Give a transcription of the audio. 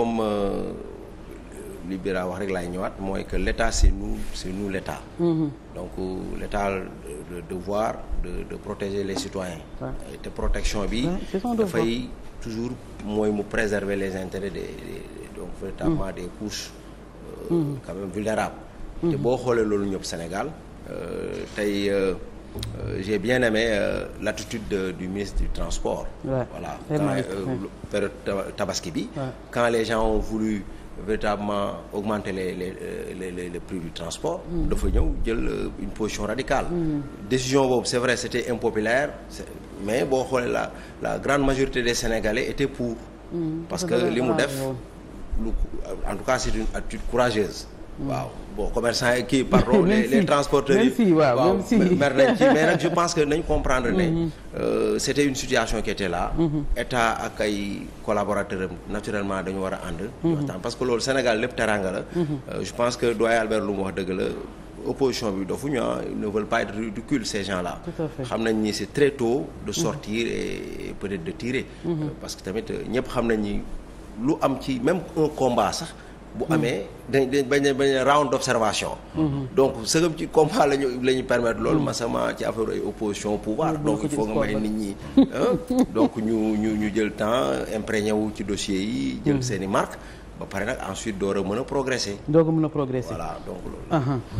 comme euh, li Bira wax rek laay ñëwaat mooy que l' état c' est nous c' mm-hmm. donc euh, l' état le euh, devoir de de protéger les citoyens. Ouais. te protection bi. dafay toujours mooy mu préserver les intérêts de des donc notamment mm-hmm. des couches. Mm-hmm. quand même vulnérables. te boo xoolee loolu ñëpp Sénégal tey. Euh, j'ai bien aimé euh, l'attitude de, du ministre du transport. Ouais. voilà euh, période tabaski bi. quand les gens ont voulu. véritablement augmenter les les les les, les prix du transport. Mm. dafa ñëw jël une position radicale. Mm. décision boobu c'est vrai c'était impopulaire mais boo xoolee la la grande majorité des Sénégalais étaient pour. Mm. parce que li mu def en tout cas c'est une attitude courageuse. waaw bo commerçant yi kii pardon les les transporteurs yi waaw mer nag je pense que nañ comprendre ne mhm. euh, c'était une situation qui était là mhm. état ak ay collaborateurs am naturellement dañu war a ànd mhm. waxtaan parce que loolu Sénégal lép teraanga la euh, je pense que doyen Albert lu mu wax dëgg la opposition bi dafu ñu ah, ils ne veulent pas être ridicules ces gens xam nañ ni très tôt de sortir et peut-être de tirer euh, parce que tamit ñëpp xam nañ ni lu am ci même un combat sax bu amee dañ dañ bañ a bañ a round d' observation. Mhm. donc sëgëm ci combat la ñu la ñu permettre loolu mhm. ma sama ci affaire ay opposition pouvoir donc il faut nga may nit ñi. donc ñu ñu ñu jël temps imprégné wu ci dossier yi. jël mhm. seen i marque ba pare nag ensuite door a mën a progresser. doo ko mën a progresser voilà donc loolu.